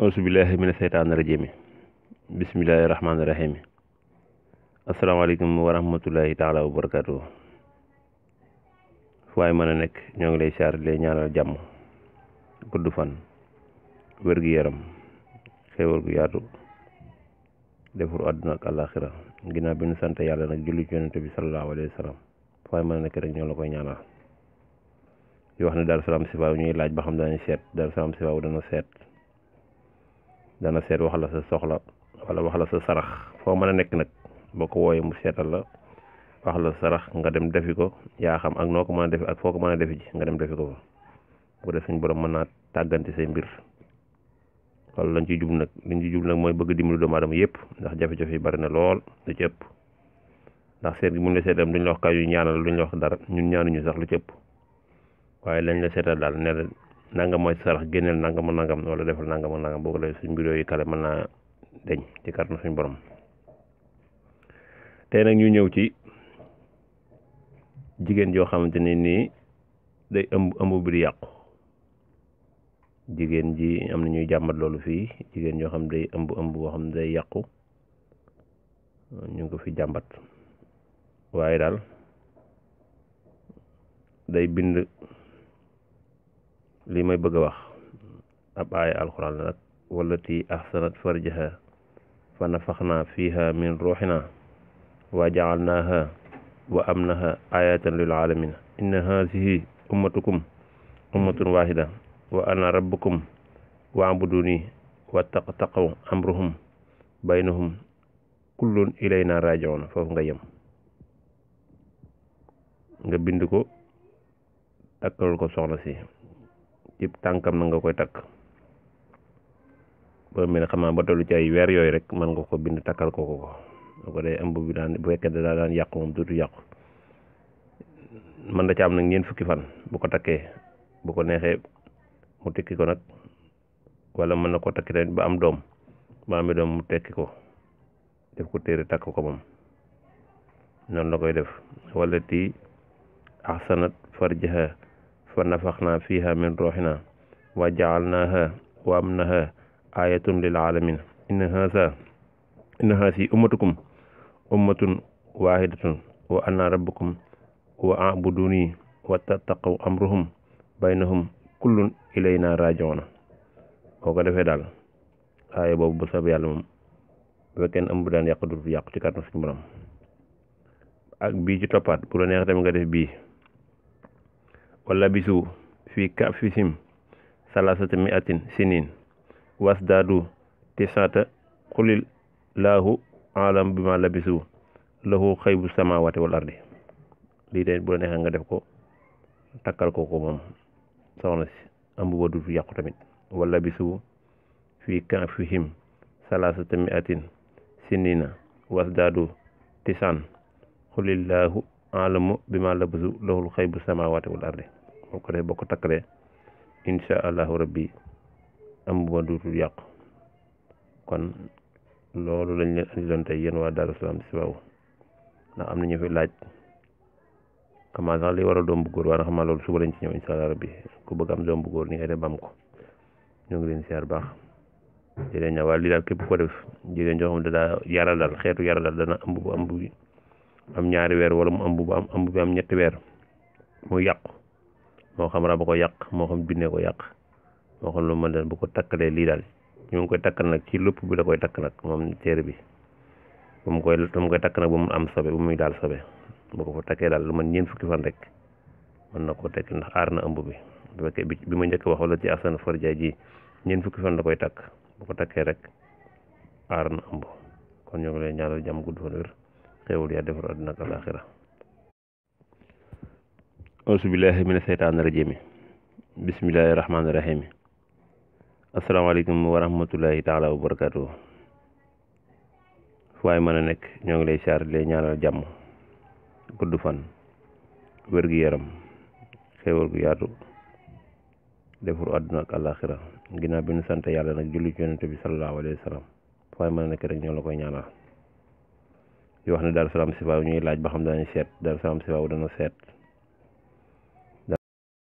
ausubillahi mina seytaani rajiim bismillahi rahmaani rahiim asalaamaaleykum wa rahmatulahi taala wa barakaatu fu waay mën a nekk ñoo ngi lay siyaar di lay ñaanal jàmm gudd fan wér-gu-yaram xéewal gu yaatu defur àdduna ak gi ginnaaw bi ñu sant yàlla nag julli ci bi salallaahu alayhi wa sallam fu mën a nekk rek ñoo la koy ñaanal di wax ne Darou Salam Chifaou ñuy laaj ba xam danañ seet Darou Salam Chifaou dana seet dana seet wax la sa soxla wala wax la sa sarax foo mën a nekk nag boo ko wooyee mu seetal la wax la sa sarax nga dem defi ko yaa xam ak noo ko mën a defi ak foo ko mën a defi ji nga dem defi ko fa bu dee suñ borom mën naa tàggante say mbir wala lañ ciy jub nag liñ ci jub nag mooy bëgg dimbali doomu aadama yëpp ndax jafe yi bari na lool lu ci ndax seet gi mun la seetam duñ la wax yu ñaanal duñ la wax dara ñun ñaanuñu sax lu ci waaye lañ la seetal daal ne nangam mooy sarax génneel nangam ak nangam wala defal nangam ak nangam boo ko defee suñ mbir yooyu kale mën naa deñ ci kàttanu suñ borom te nag ñu ñëw ci jigéen joo xamante ni nii day ëmb ëmb yàqu jigéen ji am na ñuy jàmbat loolu fii jigéen joo xam day ëmb ëmb boo xam ne day yàqu ñu ngi ko fi jàmbat waaye daal day bind li may bëgg a wax ab aaya alxuraan la nag wallati ahsanat farjaha fa nafaxnaa fiha min ruuxina wa jacalnaaha wa amnaha ayatan lil aalamiina inna haasihi ummatukum ummatun waahida wa ana rabbukum waabuduni wattaqtaqaw amruhum baynahum kullun ilayna rajiun foofu nga yem nga bind ko takkal ko soxna si cib tànkam na nga koy takk boo mel ne xam ba tollu ci ay weer yooyu rek mën nga ko bind takkal ko ko ko bu ko dee bi daan bu fekkee da daan yàqu moom dootu yàqu mën na ci am nag ñeent fukki fan bu ko takkee bu ko neexee mu tekki ko nag wala mën na ko takki tamit ba am doom ba amee doom mu tekki ko def ko téere takk ko moom noonu la koy def wala ti ahsanat farjaha fa nafaxnaa fiha min ruuxina wa jacalnaaha wa amnaha aayatun lil aalamin inna haasa inna haasi ummatukum ummatun waahidatun wa ana rabbukum wa abuduni wa tattaqaw amruhum baynahum kullun ilayna rajiuna boo ko defee daal aaya boobu bu sab yàlla moom bu fekkee am bu daan yàq du yàqu ci kàttan suñu borom ak bii ci toppaat bu la neex tamit nga def bii walla bisu fii kafisim salasata miatin sinin wasdaadu tisata xulil laahu alam bi ma labisu lahu xaybu samawati wal ardi lii tamit bu la neexee nga def ko takkal ko ko moom soxna si am bu du yàqu tamit wala bisu fii kafihim salasata miatin sinina wasdaadu tisaan xulillaahu alamu bi ma labisu lahul xaybu samawati wal ardi boo ko dee boo ko takkalee incha allahu rabbi am bu ma duutul kon loolu lañ leen andiloon tey wa waa Daaru Salaam Chifaou ndax am na ñu fi laaj xamaa sax li waral doom bu góor waaye xamaa loolu suba lañ ci ñëw incha allah rabbi ku bëgg am doom bu góor ni ngay def bam ko ñu ngi leen siyaar baax jërëjëf ña waaye lii daal képp ko def jërëjëf ñoo xam ne daa yara dal xeetu yara dal dana ëmb bu am ñaari weer wala mu ëmb bu am ëmb bi am ñetti weer mu yàqu moo xam rab ba ko yàq moo xam binnee ko yàq moo xam lu ma leen bu ko takkalee lii daal ñu ngi koy takkal nag ci lupp bi la koy takk nag moom téere bi bu koy bu mu takk nag bu mu am sobe bu muy daal sobe bu ko fa takkee daal lu man ñeent fukki fan rek mën na koo tekki ndax aar na ëmb bi bu fekkee bi bi ma njëkk wax wala ci asan farja ji ñeent fukki fan la koy takk bu ko takkee rek aar na ëmb kon ñoo ngi lay ñaanal jàmm gudd fan wér xéewal yaa defar àddina ak alaaxira ausubillahi mina seytaani rajimi bismillahi rahmaani rahimi asalaamaaleykum wa rahmatulahi taala wa barakaatu fu waay mën a nekk ñoo ngi lay saar lay ñaanal jàmm gudd fan wér-gu-yaram xéewal gu yaatu defur àdduna ak àllaaxira ginnaaw bi nu sant yàlla nag julli ci yonente bi salallaahu alayhi wa sallam fu mën a nekk rek ñoo la koy ñaanal di wax ne Darou Salam Chifaou ñuy laaj ba xam danañ seet Darou Salam Chifaou dana seet